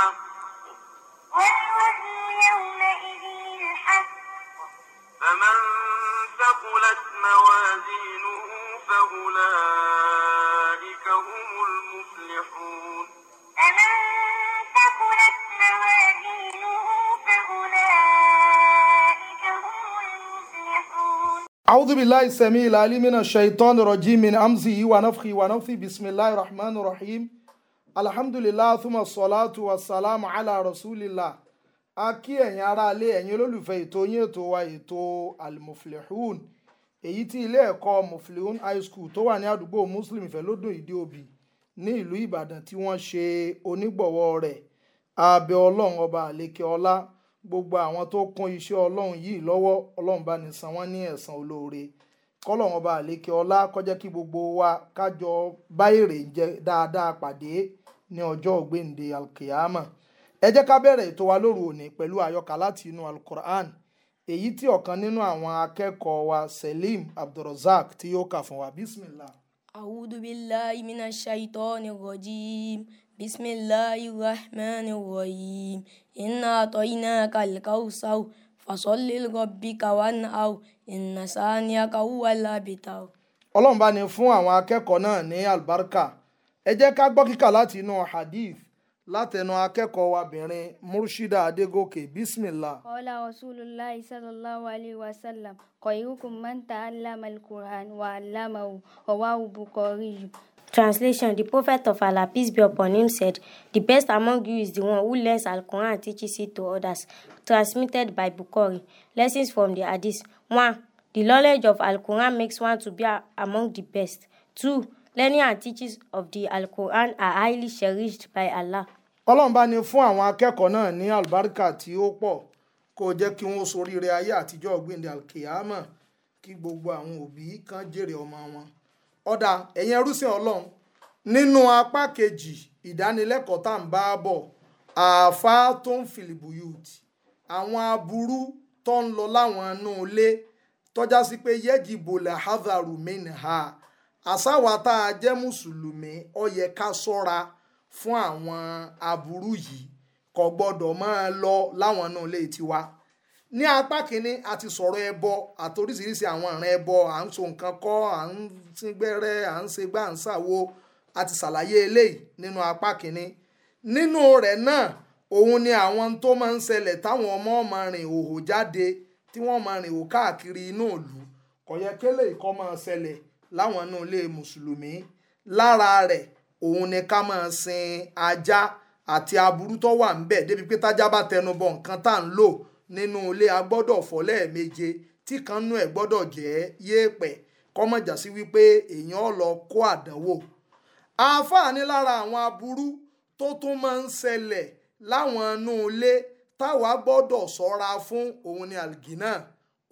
الحق والوزن يومئذ الحق فمن ثقلت موازينه فأولئك هم المفلحون فمن ثقلت موازينه فأولئك هم المفلحون أعوذ بالله السميع العليم من الشيطان الرجيم من أمزه ونفخه ونفثه بسم الله الرحمن الرحيم alhamdulillah thumma salatu wa salam ala rasulillah a kí ẹ̀yin aráalé ẹ̀yin olólùfẹ́ ètò yín ètò wa ètò almuflihun èyí tí ilé ẹ̀kọ́ muflihun high school tó wà ní àdúgbò muslim ìfẹ́lódùn ìdí òbí ní ìlú ìbàdàn tí wọ́n ṣe onígbọ̀wọ́ rẹ̀ abẹ ọlọ́run ọba àlékè ọlá gbogbo àwọn tó kún iṣẹ́ ọlọ́run yìí lọ́wọ́ ọlọ́run bá ní san wọ́n ní ẹ̀san olóore kọ́lọ́run ọba àlékè ọlá kó kí gbogbo wa kájọ bá jẹ dáadáa pàdé ní ọjọ́ ògbéǹde alkiyama ẹ jẹ́ ká bẹ̀rẹ̀ ètò wa lóru òní pẹ̀lú àyọkà láti inú alukur'an èyí tí ọ̀kan nínú àwọn akẹ́kọ̀ọ́ wa Selim Abdulrozak tí yóò kà fún wa bismillah. a'udhu billahi minash shaitani rajim bismillahi rahmani rahim inna a'tainaka al-kawthar fasalli li rabbika wanhar inna saniyaka huwal abtar. ọlọ́run bá ní fún àwọn akẹ́kọ̀ọ́ náà ní àlùbáríkà ẹ jẹ́ ká gbọ́ kíkà láti inú hadith látẹnu akẹ́kọ̀ọ́ wa murshida adégòkè bismillah. ọ̀la rasulillah sallallahu alayhi wa sallam khayrukum man ta'allama al-Qur'an wa 'allamahu rawahu Bukhari. Translation The Prophet of Allah, peace be upon him, said, The best among you is the one who learns Al Quran and teaches it to others. Transmitted by Bukhari. Lessons from the Hadith 1. The knowledge of Al Quran makes one to be among the best. 2. Learning and teachings of the Al-Quran are highly cherished by Allah. Ọlọ́run bá ní fún àwọn akẹ́kọ̀ọ́ náà ní àlùbáríkà tí ó pọ̀ kó jẹ́ kí wọ́n soríire ayé àtijọ́ ọ̀gbìndẹ̀ alkiyama kí gbogbo àwọn òbí kan jèrè ọmọ wọn. ọ̀dà ẹ̀yin ẹrúsìn ọlọ́run nínú apá kejì ìdánilẹ́kọ̀ọ́ tá à ń bá bọ̀ àáfà tó ń filibuyuti àwọn aburú tó ń lọ láwọn inú ilé tọ́já sí pé yẹ́jì bòlẹ̀ hazaru minha àsáwà tá a jẹ́ mùsùlùmí ó yẹ ká sọ́ra fún àwọn aburú yìí kò gbọ́dọ̀ máa lọ láwọn náà lè tiwa ní apá kínní a ti sọ̀rọ̀ ẹbọ àtoríṣiríṣi àwọn ìran ẹbọ à ń so nǹkan kọ́ à ń síngbẹ́rẹ́ à ń ṣe gbà ń ṣàwo a ti ṣàlàyé eléyìí nínú apá kínní nínú rẹ̀ náà òun ni àwọn tó máa ń ṣẹlẹ̀ táwọn ọmọ máa rìn òhò jáde tí wọ́n máa rìn òhò inú ìlú kò ìkọ́ máa ṣẹlẹ̀ láwọn inú ilé mùsùlùmí lára rẹ̀ òun ni ká máa sin ajá àti aburú tó wà ń bẹ̀ débi pé tájá bá tẹnu bọ nǹkan tá à ń lò nínú ilé a gbọ́dọ̀ fọ̀ lẹ́ẹ̀méje tí kan nú ẹ̀ gbọ́dọ̀ jẹ́ yéèpẹ̀ kọ́mọ̀jà sí wípé èèyàn lọ kó àdánwò. àǹfààní lára àwọn aburú tó tún máa ń ṣẹlẹ̀ láwọn inú ilé táwa gbọ́dọ̀ ṣọ́ra fún òun ni àlgínà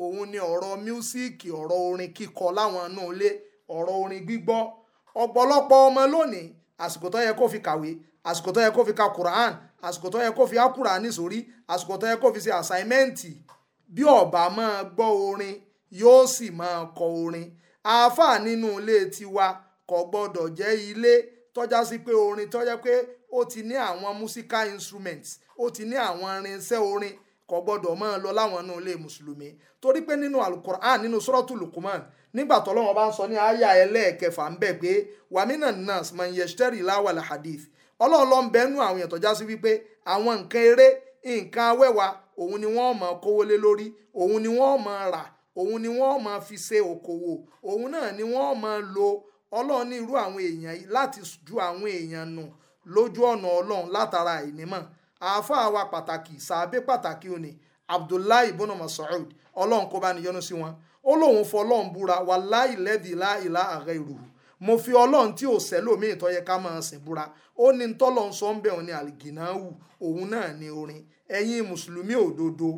òun ni ọ̀rọ̀ mísíkì ọ̀rọ̀ orin kíkọ láwọn inú ilé ọ̀rọ̀ orin gbígbọ́ ọ̀pọ̀lọpọ̀ ọmọ lónìí àsìkò tó yẹ kó fi kàwé àsìkò tó yẹ kó fi ka quran àsìkò tó yẹ kó fi akura nísorí àsìkò tó yẹ kó fi ṣe àsáímẹ́ǹtì bí ọba máa gbọ́ orin yóò sì máa kọ orin àáfàá nínú ilé tiwa kò gbọ́dọ̀ jẹ́ ilé tọ́já sí pé orin tọ́já pé ó ti ní àwọn musical instruments ó ti ní àwọn irinṣẹ́ orin kò gbọ́dọ̀ máa lọ láwọn inú ilé mùsùlùmí torí pé nínú alukur'an nínú sọ́rọ́tù lukuman nígbà tọ́lọ́wọ́n bá ń sọ ní àyà ẹlẹ́ẹ̀kẹfà ń bẹ̀ pé wàmínà nas man yeshtari láwàlà hadith ọlọ́ọ̀lọ́ ń bẹ́nu àwọn èèyàn tọ́já sí wípé àwọn nǹkan eré nǹkan awẹ́wà òun ni wọ́n máa kówó lé lórí òun ni wọ́n máa rà òun ni wọ́n máa fi ṣe òkòwò òun náà ni wọ́n máa lo ọlọ́ọ̀ni irú àwọn èèyàn yìí láti ju àwọn èèyàn nù lójú ọ̀nà ọlọ́run látara ìnímọ̀ àáfàá wa pàtàkì sàábé pàtàkì òní Abdullahi ibn Mas'ud ọlọ́run kó bá ní yọ́nú sí wọn ó lóun fọlọ́run búra wà láìlẹ́dì láìlá ààrẹ ìrùhù mo fi ọlọ́run tí ò sẹ́lòmíì tó yẹ ká máa sìn búra ó ní tọ́lọ́run sọ ń bẹ̀ òun ní àlìgìnáwù òun náà ní orin ẹ̀yin mùsùlùmí òdodo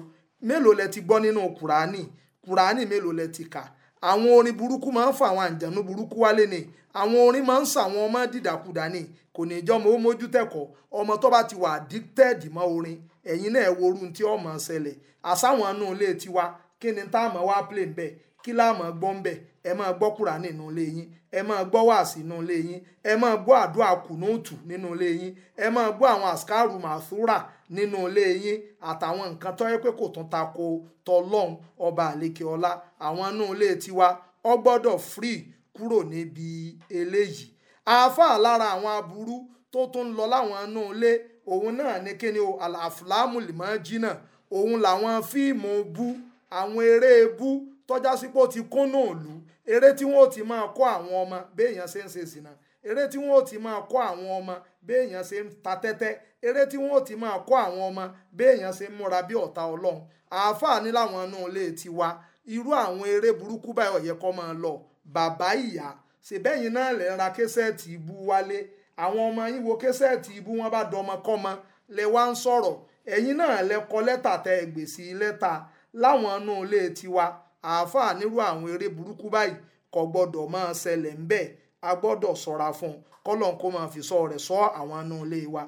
mélòó lẹ ti gbọ́ nínú kùránì kùránì mélòó lẹ ti kà àwọn orin burúkú máa ń fa àwọn àǹjànú burúkú wálé ni àwọn orin máa ń sa àwọn ọmọ dìdàkudà ni kò ní jọ́ mọ́ mójú tẹ̀kọ́ ọmọ tó bá ti wà addicted mọ́ orin ẹ̀yin náà wo orun tí ọmọ ṣẹlẹ̀ àsáwọn inú ilé tiwa kí ni tá a mọ̀ wá play ń bẹ̀ kí la máa gbọ́ ń bẹ̀ ẹ máa gbọ́ kúrà nínú ilé yín ẹ máa gbọ́ wàásì nínú ilé yín ẹ máa gbọ́ àdúrà kùnúùtù nínú ilé yín ẹ máa gbọ́ àwọn àṣkárù màṣúrà nínú ilé yín àtàwọn nǹkan tó pé kò tún ta ko tọlọ́hún ọba àlekè ọlá àwọn inú ilé tiwa ọ gbọ́dọ̀ free kúrò níbi eléyìí àáfàá lára àwọn aburú tó tún lọ láwọn inú ilé òun náà ní kíni o àlàfùlámù lè máa jìnnà òun làwọn fíìmù bú àwọn eré ebú tọ́já sí pé ó ti kún náà lù eré tí wọ́n ó ti máa kọ́ àwọn ọmọ béèyàn ṣe ń ṣe sìnà eré tí wọ́n ó ti máa kọ́ àwọn ọmọ béèyàn ṣe ń ta tẹ́tẹ́ eré tí wọ́n ó ti máa kọ́ àwọn ọmọ béèyàn ṣe ń múra bí ọ̀tá ọlọ́run àáfàá ní láwọn inú ilé tiwa irú àwọn eré burúkú báyìí ọ̀yẹ́ kọ́ máa lọ bàbá ìyá ṣèbẹ́yìn náà lè ra késẹ́ẹ̀tì ibú wálé àwọn ọmọ yín wo késẹ́ẹ̀tì ibú wọn bá dọmọkọ́mọ lẹ wá ń sọ̀rọ̀ ẹ̀yin náà lẹ kọ lẹ́tà tẹ ẹ gbèsè lẹ́tà láwọn inú ilé tiwa àáfàá nírú àwọn eré burúkú báyìí kò gbọ́dọ̀ máa ṣẹlẹ̀ ń bẹ́ẹ̀ a gbọ́dọ̀ ṣọ́ra fún un kọ́lọ́n kó máa fi sọ rẹ̀ sọ àwọn inú ilé wa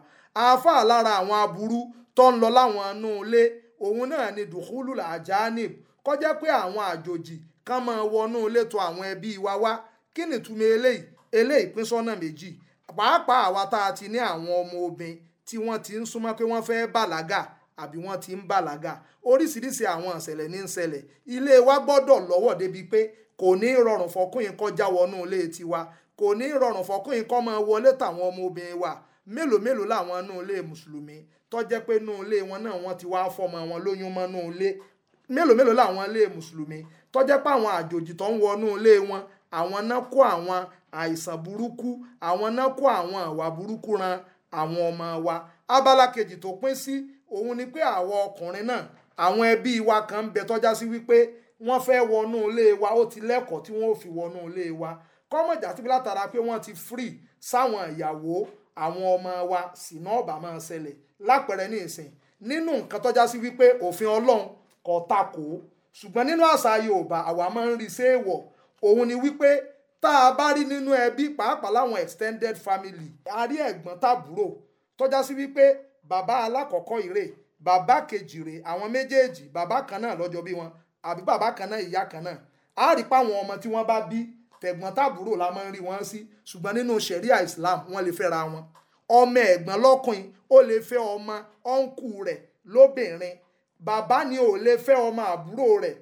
àáfàá lára àwọn aburú tó ń lọ láwọn inú ilé òun náà ni dùkúlù àjánib kọjá pé àwọn àjòjì kan máa wọnú ilé tó àwọn ẹbí wa wá kí ni túmọ̀ eléyìí eléyìí pín sọ́nà méjì pàápàá àwa tá a ti ní àwọn ọmọ obìnrin tí wọ́n ti ń súnmọ́ pé wọ́n fẹ́ bàlágà àbí wọ́n ti ń bàlágà oríṣiríṣi àwọn ìṣẹ̀lẹ̀ ní ń ṣẹlẹ̀ ilé wa gbọ́dọ̀ lọ́wọ́ débi pé kò ní rọrùn fọkùnrin kọjá wọnú ilé tiwa kò ní rọrùn fọkùnrin kọ́ máa wọlé tàwọn ọmọ obìnrin wa mélòó mélòó làwọn inú ilé mùsùlùmí tó jẹ́ pé inú ilé wọn náà wọ́n ti wá fọmọ wọn lóyún mọ́ inú ilé mélòó mélòó làwọn ilé mùsùlùmí tó jẹ́ pé àwọn àjòjì tó ń wọnú ilé wọn àwọn náà kó àwọn àìsàn burúkú àwọn náà kó àwọn àwà burúkú ran àwọn ọmọ wa abala kejì tó pín sí òun ni pé àwọn ọkùnrin náà àwọn ẹbí wa kan bẹ tọ́já sí wípé wọ́n fẹ́ wọnú ilé wa ó ti lẹ́kọ̀ọ́ tí wọ́n ò fi wọnú ilé wa kọ́mọ̀jà síbi látara pé wọ́n ti free sáwọn ìyàwó àwọn ọmọ wa sì náà bá máa ṣẹlẹ̀ lápẹ̀rẹ̀ ní ìsìn nínú nǹkan tọ́já sí wípé òfin ọlọ́run kò takò ṣùgbọ́n nínú àṣà yorùbá àwa máa ń rí séèwọ̀ òun ni wípé tá a bá rí nínú ẹbí pàápàá láwọn extended family a rí ẹ̀gbọ́n tàbúrò tọ́já sí wípé bàbá alákọ̀ọ́kọ́ ìrè bàbá kejì rè àwọn méjèèjì bàbá kan náà lọ́jọ́ bí wọn àbí bàbá kan náà ìyá kan náà á rí pa àwọn ọmọ tí wọ́n bá bí tẹ̀gbọ́n tàbúrò la máa ń rí wọn sí ṣùgbọ́n nínú ṣẹ̀ríà Islam wọ́n lè fẹ́ra wọn ọmọ ẹ̀gbọ́n lọ́kùnrin ó lè fẹ́ ọmọ ọ̀nkù rẹ̀ lóbìnrin bàbá ni ò lè fẹ́ ọmọ àbúrò rẹ̀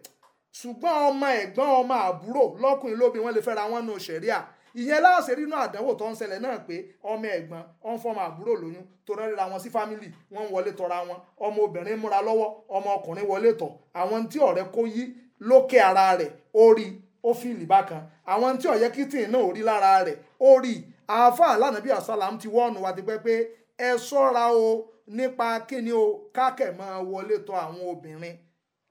ṣùgbọ́n ọmọ ẹ̀gbọ́n ọmọ àbúrò lọ́kùnrin lóbìnrin wọ́n lè fẹ́ra wọn nínú ṣẹ̀ríà ìyẹn láàṣẹ rínú àdánwò tó ń ṣẹlẹ̀ náà pé ọmọ ẹ̀gbọ́n ọ̀n fọmọ àbúrò lóyún torí ríra wọn sí fámìlì wọn ń wọlé tọra wọn ọmọ obìnrin múra lọ́wọ́ ọmọ ọkùnrin wọlé tọ̀ àwọn tí ọ̀rẹ́ kó yí lókè ara rẹ̀ ó rí ó fìlì bákan àwọn tí ọ̀yẹ́ kìtìn náà ò rí lára rẹ̀ ó rí àáfàá lánàbí àsálàm ti wọ́ọ̀nù wa ti pẹ́ pé ẹ ṣọ́ra o nípa kíni o kákẹ́ máa wọlé tọ̀ àwọn obìnrin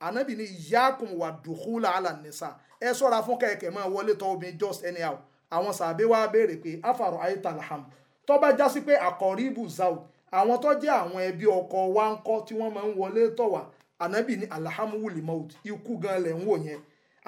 ànábì ní ìyá kùn wà dùkúlà àlànìsà ẹ ṣọ́ra fún kẹ̀kẹ́ máa wọlé tọ̀ obìnrin just anyhow àwọn sàbẹ̀ wá béèrè pé afaro aitalham tó bá já sí pé àkọ́rìbù zaud àwọn tó jẹ́ àwọn ẹbí ọkọ wa ń kọ́ tí wọ́n máa ń wọlé tọ̀ ànábì ní alhamuli maut ikú gan lẹ̀ ń wò yẹn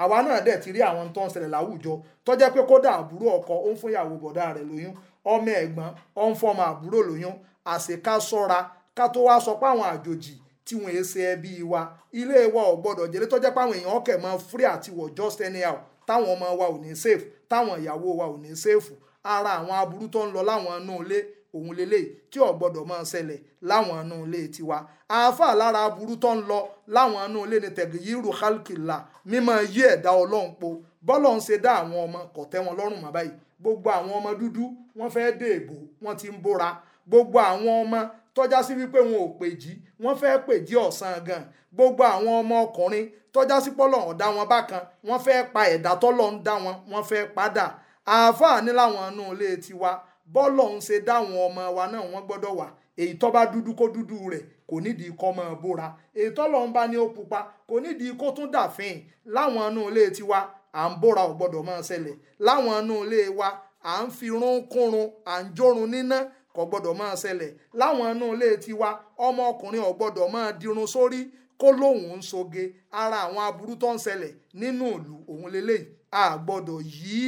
àwa náà dẹ̀ ti rí àwọn tó ń ṣẹlẹ̀ láwùjọ tó jẹ́ pé kódà àbúrò ọkọ ó ń fún ìyàwó bọ̀dá rẹ̀ lóyún ọmọ ẹ̀gbọ́n ó ń fọmọ àbúrò lóyún àṣekà sọ́ra ká tó wá sọ pé àjòjì tí wọ́n ṣe ẹbí wa ilé wa ò gbọ́dọ̀ jẹ́lé tó jẹ́ pé àwọn èèyàn ọkẹ̀ máa free àti wọ̀ just anyhow táwọn ọmọ wa ò ní sèfù táwọn ìyàwó wa ò ní sèfù ara àwọn aburú tó ń lọ láwọn inú ilé òun lélẹ̀ tí ò gbọ́dọ̀ máa ṣẹlẹ̀ láwọn inú ilé tiwa àáfà lára aburú tó ń lọ láwọn inú ilé ni tẹ̀gìyìrù khalkila mímọ yí ẹ̀dá ọlọ́run po bọ́lọ̀ ń ṣe dá àwọn ọmọ kò tẹ́ wọn lọ́rùn mọ́ báyìí gbogbo àwọn ọmọ dúdú wọ́n fẹ́ dé èbò wọ́n ti ń bóra gbogbo àwọn ọmọ tọ́já sí wípé wọn ò pèjì wọ́n fẹ́ pèjì ọ̀sán gan gbogbo àwọn ọmọ ọkùnrin tọ́já sí pọ́lọ̀ ọ̀dá wọn bákan wọ́n fẹ́ pa ẹ̀dá tọ́lọ̀ ń dá wọn wọ́n fẹ́ padà àáfàá ní láwọn inú ilé tiwa bọ́lọ̀ ń ṣe dáwọn ọmọ wa náà wọ́n gbọ́dọ̀ wà èyí tó bá dúdú kó dúdú rẹ̀ kò nídìí kọ́ mọ́ bóra èyí tọ́lọ̀ ń bá ní ó pupa kò nídìí kó tún dàfin láwọn inú ilé tiwa à ń bóra ò gbọ́dọ̀ máa ṣẹlẹ̀ láwọn inú ilé wa à ń fi rún kúrun à ń jórun níná kò gbọ́dọ̀ máa ṣẹlẹ̀ láwọn inú ilé tiwa ọmọ ọkùnrin ò gbọ́dọ̀ máa dirun sórí kó lóun ń soge ara àwọn aburú tó ń ṣẹlẹ̀ nínú ìlú òun lélẹ́yìí a gbọ́dọ̀ yí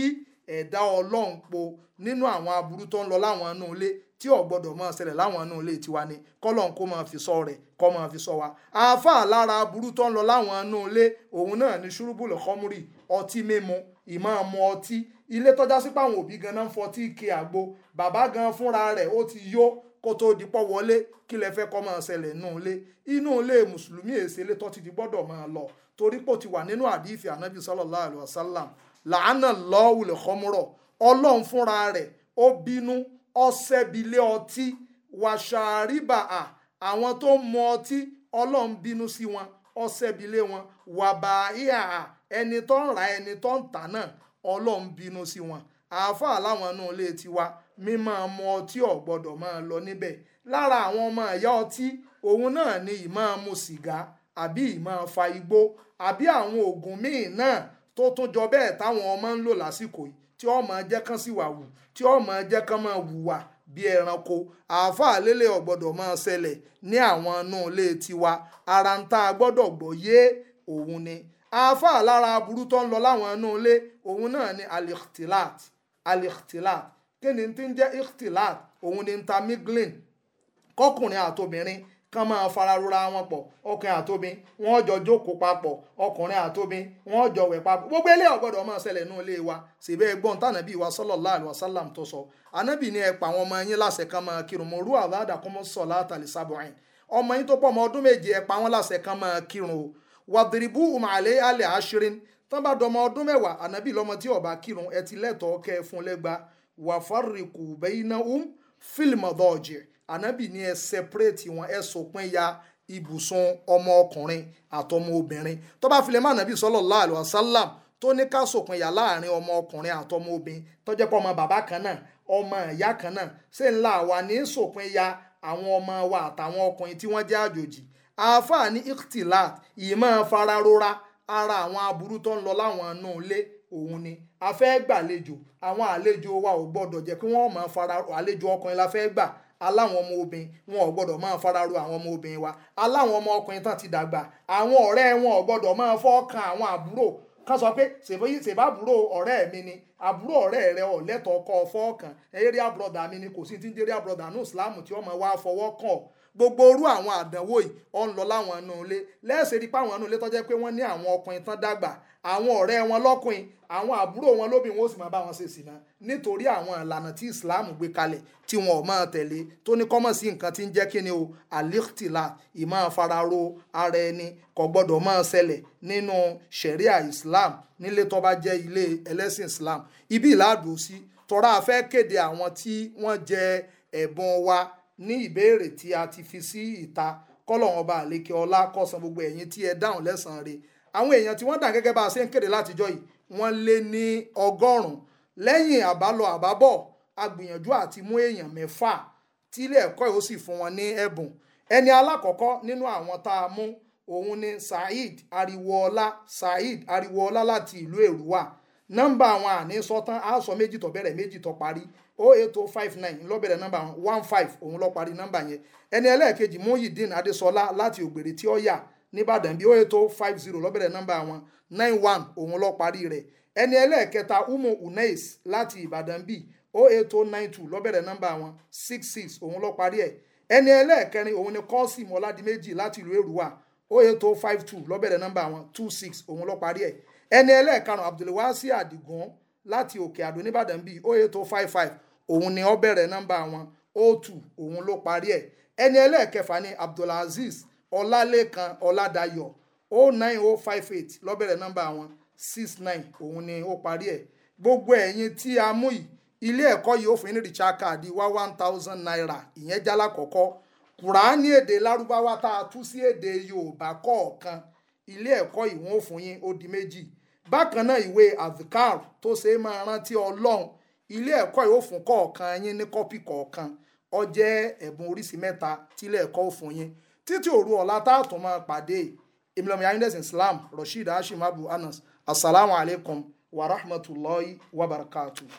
ẹ̀dá ọlọ́run po nínú àwọn aburú tó ń lọ láwọn inú ilé tí ò gbọ́dọ̀ máa ṣẹlẹ̀ láwọn inú ilé tiwa ni kọ́lọ́n kó máa fi sọ rẹ̀ kọ́ máa fi sọ wa. àáfàá lára aburú tó ń lọ láwọn inú ilé òun náà ni ṣùrùbùlù kọ́múrì ọtí mímu ìmáàmù ọtí ilé tọ́já sí páwọn òbí ganan fọtí ike àgbo bàbá gan fúnra rẹ̀ ó ti yó kó tó dipọ́ wọlé kí lẹ fẹ́ kọ́ máa ṣẹlẹ̀ nù ilé inú ilé mùsùlùmí èsè ilé tó ti di gbọ́dọ̀ máa lọ torí pò ti wà nínú àdífì ànábì sallallahu alaihi wasallam làánà lọ́wùlẹ̀ kọ́múrọ̀ ọlọ́run fúnra rẹ̀ ó bínú ọ̀sẹ̀bilé ọtí wàṣàríbà à àwọn tó ń mu ọtí ọlọ́run bínú sí wọn ọ̀sẹ̀bilé wọn wàbà ìhà ẹni tó ń ra ẹni tó ń tà náà ọlọ́run bínú sí wọn àáfàá láwọn inú ilé tiwa mímọ́ ọmọ ọtí ò máa lọ níbẹ̀ lára àwọn ọmọ ẹ̀yà ọtí òun náà ni ìmọ̀ mu sìgá àbí ìmọ̀ fa igbó àbí àwọn oògùn míì náà tó tún jọ bẹ́ẹ̀ táwọn ọmọ ń lò lásìkò yìí tí ọmọ jẹ́ kán sì wà wù tí ọmọ jẹ́ kán máa wùwà bí ẹranko àáfàá lélẹ̀ ọ̀gbọ́dọ̀ máa ṣẹlẹ̀ ní àwọn inú ilé tiwa ara ń tá a gbọ́dọ̀ gbọ́ yé òun ni àáfàá lára aburú tó ń lọ láwọn inú ilé òun náà ni alikhtilat alikhtilat kí ni ti ń jẹ́ ikhtilat òun ni intermingling kọkùnrin àtobìnrin kán máa fararora wọn pọ̀ ọkùnrin àtobin wọ́n jọ jókòó papọ̀ ọkùnrin àtobin wọ́n jọ wẹ̀ papọ̀ gbogbo ilé ọ̀gbọ́dọ̀ máa ṣẹlẹ̀ nínú ilé wa ṣèbẹ ẹgbọn tànàbí wa sallallahu alaihi wasallam tó sọ ànábì ni ẹ pa àwọn ọmọ yín láṣẹ kan máa kírun mo rú àbáàdà kó mọ sọ látàlí sábọrin ọmọ yín tó pọ̀ ọmọ ọdún méje ẹ pa wọn láṣẹ kan máa kírun o wàdìrìbùhùn àlẹ́ àlẹ́ àṣírin tán bá dọmọ ọdún mẹ́wàá ànábì lọ́mọ tí ọba kírun ẹ ti lẹ́tọ̀ọ́ kẹ́ fún lẹ́gba wàfárìkù bẹ́yìnáhùn fílmù ọ̀dọ́ọ̀jẹ̀ ànábì ni ẹ sẹpẹ́rẹ́tì wọn ẹ sòpin ya ibùsùn ọmọ ọkùnrin àtọmọ obìnrin tó bá filẹ̀ mọ́ ànábì sallallahu alaihi wasallam tó ní ká sòpin ya láàrin ọmọ ọkùnrin àtọmọ obìnrin tó pé ọmọ bàbá kan náà ọmọ ìyá kan náà ṣé ńlá wa ní sòpin ya àwọn ọmọ wa àtàwọn ọkùnrin tí wọ́n jẹ́ àjòjì àáfàá ní ictilat ìmọ̀ fararora ara àwọn aburú tó ń lọ láwọn inú ilé òun ni a fẹ́ gbàlejò àwọn àlejò wa ò gbọ́dọ̀ jẹ́ kí wọ́n máa fara àlejò ọkùnrin la fẹ́ gbà aláwọn ọmọ obìnrin wọn ò gbọ́dọ̀ máa fararo àwọn ọmọ obìnrin wa aláwọn ọmọ ọkùnrin tán ti dàgbà àwọn ọ̀rẹ́ wọn ò gbọ́dọ̀ máa fọ́ kan àwọn àbúrò ká sọ pé ṣèbá àbúrò ọ̀rẹ́ mi ni àbúrò ọ̀rẹ́ rẹ ọ̀lẹ́tọ̀ ọkọ fọ́ọ̀kan area brother mi ni kò sí ti ń area brother ní Islam tí ọmọ wa fọwọ́ kàn gbogbo orú àwọn àdánwò yìí ọ̀ ń lọ láwọn inú ilé lẹ́sẹ̀ rí pé àwọn inú ilé pé wọ́n ní àwọn ọ̀rẹ́ wọn lọ́kùnrin àwọn àbúrò wọn lóbìnrin wọn ó sì máa bá wọn ṣe sìnà nítorí àwọn ìlànà tí Islam gbé kalẹ̀ tí wọn ò máa tẹ̀lé tó ní kọ́mọ̀ sí nǹkan tí ń jẹ́ kí ni o aliktila ìmọ̀ fararo ara ẹni kò gbọ́dọ̀ máa ṣẹlẹ̀ nínú ṣẹ̀ríà Islam nílé tó bá jẹ́ ilé ẹlẹ́sìn Islam ibi ìlàdùn sí tọ́ra fẹ́ kéde àwọn tí wọ́n jẹ ẹ̀bùn wa ní ìbéèrè tí a ti fi sí ìta kọ́lọ̀ wọn bá àlékè ọlá kọ́sán gbogbo ẹ̀yin tí ẹ dáhùn lẹ́sàn-án rẹ̀ àwọn èèyàn tí wọ́n dà gẹ́gẹ́ bá a ṣe ń kéde látijọ́ yìí wọ́n lé ní ọgọ́rùn-ún lẹ́yìn àbálọ àbábọ̀ agbìyànjú àti mú èèyàn mẹ́fà tí ilé ẹ̀kọ́ yìí ó sì fún wọn ní ẹ̀bùn ẹni alákọ̀ọ́kọ́ nínú àwọn tá a mú òun ni Saheed Ariwoọlá Saheed Ariwoọlá láti ìlú Èrúwà nọ́mbà àwọn àní sọ́tán á méjì tó bẹ̀rẹ̀ méjì tó parí o oh eight oh five nine ló bẹ̀rẹ̀ nọ́mbà one five òun ló parí nọ́mbà yẹn ẹni ẹlẹ́ẹ̀kejì Muyideen Adésọlá láti Ògbèrè tí ó yà nìbàdàn oh oh five zero. lọ́bẹ̀rẹ̀ nọ́mbà wọn one òun lọ parí rẹ̀ ẹni ẹlẹ́ẹ̀kẹta umu unais láti ìbàdàn oh nine two. lọ́bẹ̀rẹ̀ nọ́mbà wọn 66 òun lọ parí ẹ̀ ẹni ẹlẹ́ẹ̀kẹrin òun ni kọ́sìm ọ̀làdìmẹ́jì láti ìlú èrúwà 08052 lọ́bẹ̀rẹ̀ nọ́mbà wọn 26 òun lọ parí ẹ̀ ẹni ẹlẹ́ẹ̀karùn-ún abdulwasi adigun láti òkè àdó nìbàdàn bíi 08055 òun ni ó bẹ̀rẹ̀ nọ́mbà wọn 02 òun ló parí ẹ̀ ẹni ẹlẹ́ẹ̀kẹfà ni abdulaziz ọlálẹ́kan ọládayọ̀ o oh nine o oh five eight lọ́bẹ̀rẹ̀ nọ́mbà wọn six nine òun ni ó parí ẹ̀ gbogbo ẹ̀yin tí a mú yìí ilé ẹ̀kọ́ yìí ó fún ní recharge card wá one thousand naira ìyẹn jálá kọ̀ọ̀kọ́ kùránì èdè lárúbáwá tá a tú sí èdè yorùbá kọ̀ọ̀kan ilé ẹ̀kọ́ yìí wọ́n ó fún yín ó di méjì bákan náà ìwé azkar tó ṣe é máa rántí ọlọ́run ilé ẹ̀kọ́ yìí ó fún kọ̀ọ̀kan yín ní kọ́pì kọ̀ọ̀kan ó jẹ́ ẹ̀bùn oríṣi mẹ́ta tílé ẹ̀kọ́ ó fún yín títí òru ọ̀la tá a tún máa pàdé èmi lọ́mọ yàrá ìdẹ́sìn Islam Rasheed Hashim Abu Anas asalaamualeykum wa rahmatulahi wa barakatuh.